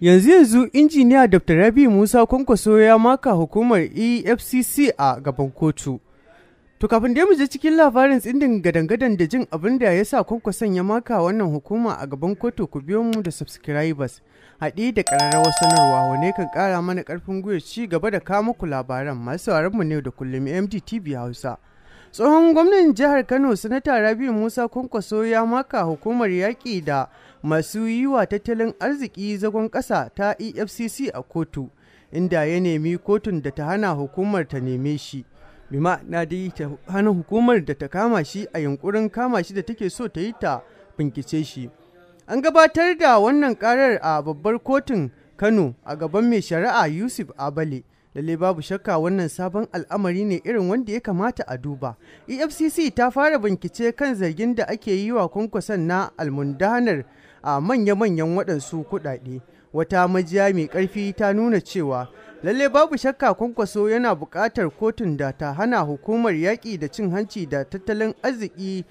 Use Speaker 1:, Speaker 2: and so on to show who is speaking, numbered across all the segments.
Speaker 1: yanzu yanzu injiniya dr rabi musa kwankwaso ya maka hukumar efcc a gaban kotu to kafin da mu je cikin labarin tsindin gadangadan da jin abin da ya sa kwankwason ya maka wannan hukuma a gaban kotu ku biyo mu da subscribers haɗi da ƙararrawar sanarwa wane kan ƙara mana ƙarfin gwiwa ci gaba da kawo muku labaran masu mu ne da kullum mdtv hausa tsohon gwamnan jihar kano sanata rabiu musa kwankwaso ya maka hukumar yaƙi da masu yi wa tattalin arziki zagon ƙasa ta efcc a kotu inda ya nemi kotun da ta hana hukumar ta neme shi bima na dai ta hana hukumar da ta kama shi a yunkurin kama shi da take so ta yi ta bincike shi an gabatar da wannan karar a babbar kotun kano a gaban mai shari'a yusuf abale lalle babu shakka wannan sabon al'amari ne irin wanda ya kamata a duba efcc ta fara bincike kan zargin da ake yi wa kwankwason na almundanar a manya-manyan waɗansu kuɗaɗe wata majiya mai ƙarfi ta nuna cewa lalle babu shakka kwankwaso yana buƙatar kotun da ta hana hukumar yaƙi da cin hanci da tattalin arziki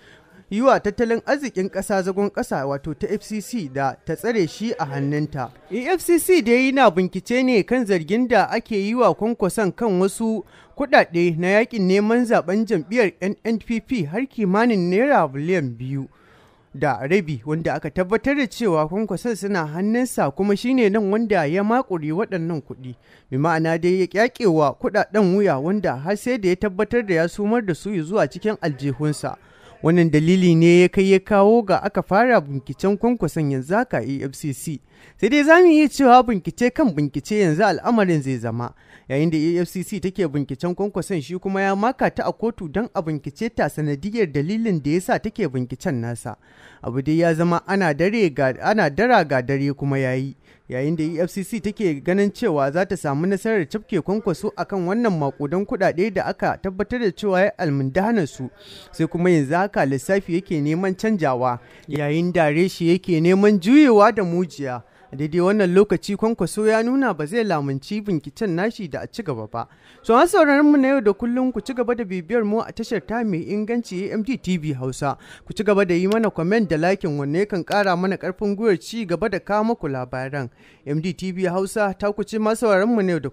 Speaker 1: yi wa tattalin arzikin ƙasa zagon ƙasa wato ta FCC da ta tsare shi a hannunta. EFCC dai yana bincike ne kan zargin da ake yi wa kwankwason kan wasu kuɗaɗe na yakin neman zaben jam'iyyar NNPP har kimanin naira biliyan biyu. da rabi wanda aka tabbatar da cewa kwankwason suna hannunsa kuma shine nan wanda ya makure waɗannan kuɗi mai ma'ana dai ya kyakewa kuɗaɗen wuya wanda har sai da ya tabbatar da ya sumar da su zuwa cikin aljihunsa wannan dalili ne ya kai ya kawo ga aka fara binciken kwankwason yanzu haka afcc. E sai dai za mu iya cewa bincike kan bincike yanzu al'amarin zai zama yayin da efcc take binciken kwankwason shi kuma ya maka ta a kotu don a bincike ta sanadiyar dalilin da yasa take binciken nasa abu dai ya zama ana dara ga dare kuma yayi yayin da efcc take ganin cewa za ta samu nasarar cafke kwankwaso akan wannan makudan kuɗaɗe da aka tabbatar da cewa ya hana su sai kuma yanzu haka lissafi yake neman canjawa yayin da reshi yake neman juyewa da mujiya daidai wannan lokaci kwankwaso ya nuna ba zai lamunci binkicen nashi da a ci gaba ba so an sauraron mu na yau da kullum ku ci gaba da bibiyar mu a tashar ta mai inganci AMD TV Hausa ku ci gaba da yi mana kwamen da lakin wanne kan kara mana karfin gwiwar ci gaba da kawo muku labaran MD TV Hausa ta ku ci sauraron mu na yau da